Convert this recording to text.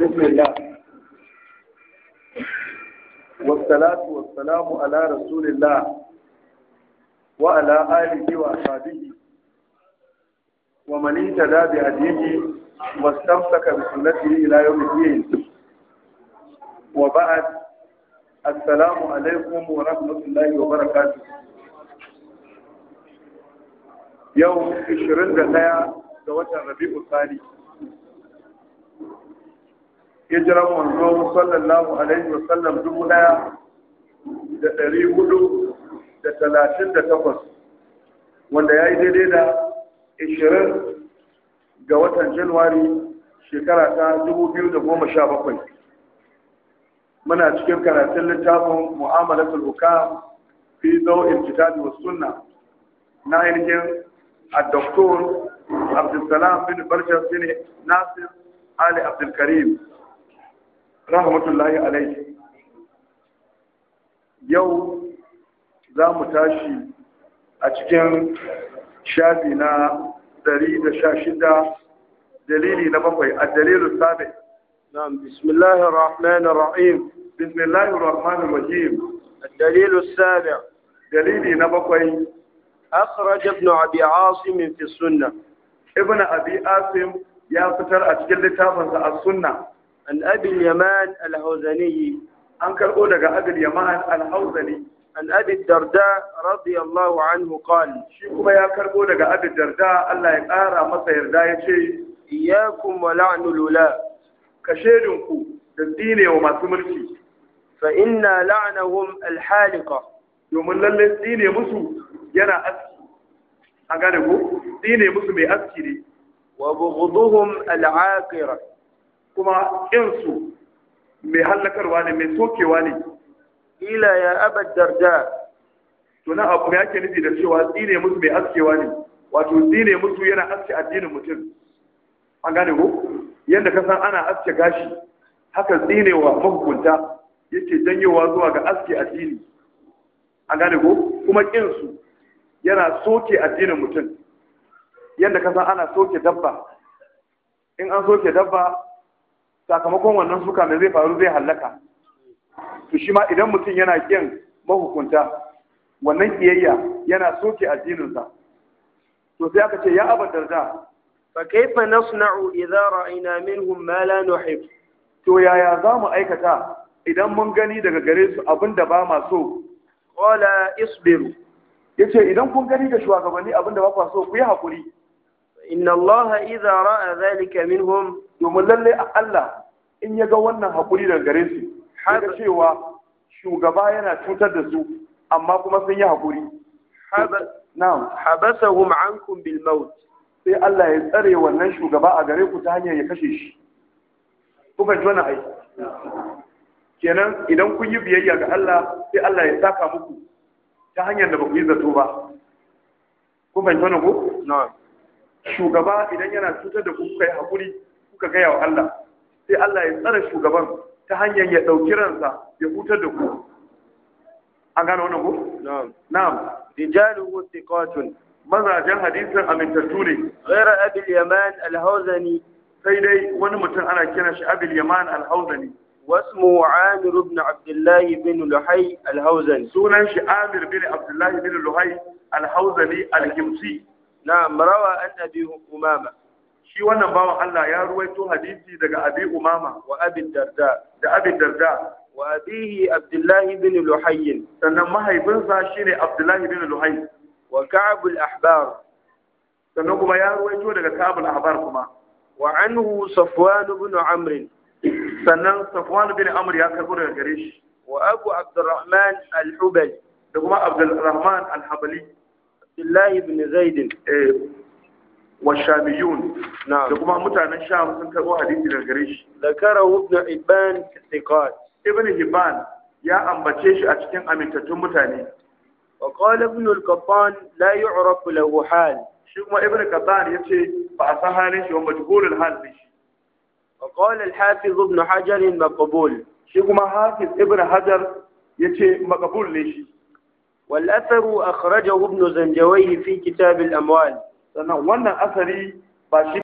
بسم الله والصلاة والسلام على رسول الله وعلى آله وأصحابه ومن اهتدى بهديه واستمسك بسنته إلى يوم الدين وبعد السلام عليكم ورحمة الله وبركاته يوم 21 ga watan Rabi'ul Thani hijiran manzo sallallahu alaihi wa sallam dubu daya da ɗari hudu da talatin da takwas wanda ya yi daidai da ishirin ga watan januwari shekara ta dubu biyu da goma sha bakwai muna cikin karatun littafin mu'amalatul hukam fi zau'in kitabi wa sunna na ainihin الدكتور عبد Abdulsalam Bin برشا بن Nasir Ali Abdulkarim. rahmatullahi alaihi yau za mu tashi a cikin shafi na 116 dalili na bakwai a dalilin sabi na bismillahir rahmanir rahim bismillahir rahmanir rahim dalilin sabi dalili na bakwai اخرج ابن ابي عاصم في السنه ابن ابي عاصم يا فتر اجل لتافن السنه an abi yaman al an karbo daga abi yaman al-hawzani darda radiyallahu anhu qala shi kuma ya karbo daga abin darda Allah ya ƙara masa yarda yace kuma wa lula. ula kashedinku da dine wa masu mulki fa inna la'anahum al-haliqa domin lalle dine musu yana aski an gane ko dine musu mai aski ne wa bughdhuhum al'aqira. kuma ƙinsu mai hallakarwa ne mai sokewa ne ila ya abad darda to na abu ya ke nufi da cewa tsine musu mai askewa ne wato tsine musu yana aske addinin mutum an gane ko yadda ka san ana aske gashi haka tsine wa mahukunta yake janyowa zuwa ga aske addini an gane ko kuma ƙinsu yana soke addinin mutum yadda ka san ana soke dabba in an soke dabba sakamakon wannan suka mai zai faru zai hallaka to shi ma idan mutum yana kin mahukunta wannan kiyayya yana soke addininsa to sai aka ce ya abu darda fa kaifa nasna'u idza ra'ayna minhum ma la nuhib to yaya za mu aikata idan mun gani daga gare su da ba ma so qala isbiru yace idan kun gani da shugabanni abinda ba ku so ku yi hakuri inna allaha idza ra'a dhalika minhum domin lalle Allah in ya ga wannan haƙuri daga gare su har cewa shugaba yana cutar da su amma kuma sun yi haƙuri na'am habasahum ankum bil maut sai Allah ya tsare wannan shugaba a gare ku ta hanyar ya kashe shi kuka ji wani ai kenan idan kun yi biyayya ga Allah sai Allah ya saka muku ta hanyar da ba ku yi zato ba kun ji wani ku? na'am shugaba idan yana cutar da ku yi haƙuri kuka gaya wa Allah sai Allah ya tsare shugaban ta hanyar ya ɗauki ransa ya hutar da ku an gano wannan ku? na'am rijaluhu thiqatun mazajen hadisin amintattu ne ghayra abil yaman al-hawzani sai dai wani mutum ana kiran shi abil yaman al-hawzani واسمه عامر بن عبد الله بن لحي الهوزني سنن شي عامر بن عبد الله بن لحي الهوزني الكمسي نعم روى عن ابي امامه shi wannan bawan Allah ya ruwaito hadisi daga Abi Umama wa Abi Darda da Abi Darda wa abihi Abdullahi bin Luhay sannan mahaifinsa shine Abdullahi bin Luhay wa Ka'b al-Ahbar sannan kuma ya ruwaito daga Ka'b al-Ahbar kuma wa anhu Safwan bin Amr sannan Safwan bin Amr ya karbo daga gare shi wa Abu Abdurrahman al-Hubali da kuma Abdurrahman al-Habali Abdullahi bin Zaid eh والشاميون نعم لكما متعنا الشام سنكروا حديث للغريش ذكره ابن حبان في الثقات ابن حبان يا أم أنبتيش أتكين تتم متعني وقال ابن القطان لا يعرف له حال شكما ابن القطان يتي فأصحانيش ومجهول الحال ليش وقال الحافظ ابن حجر مقبول شكما حافظ ابن حجر يتي مقبول ليش والأثر أخرجه ابن زنجويه في كتاب الأموال sannan wannan asari ba shi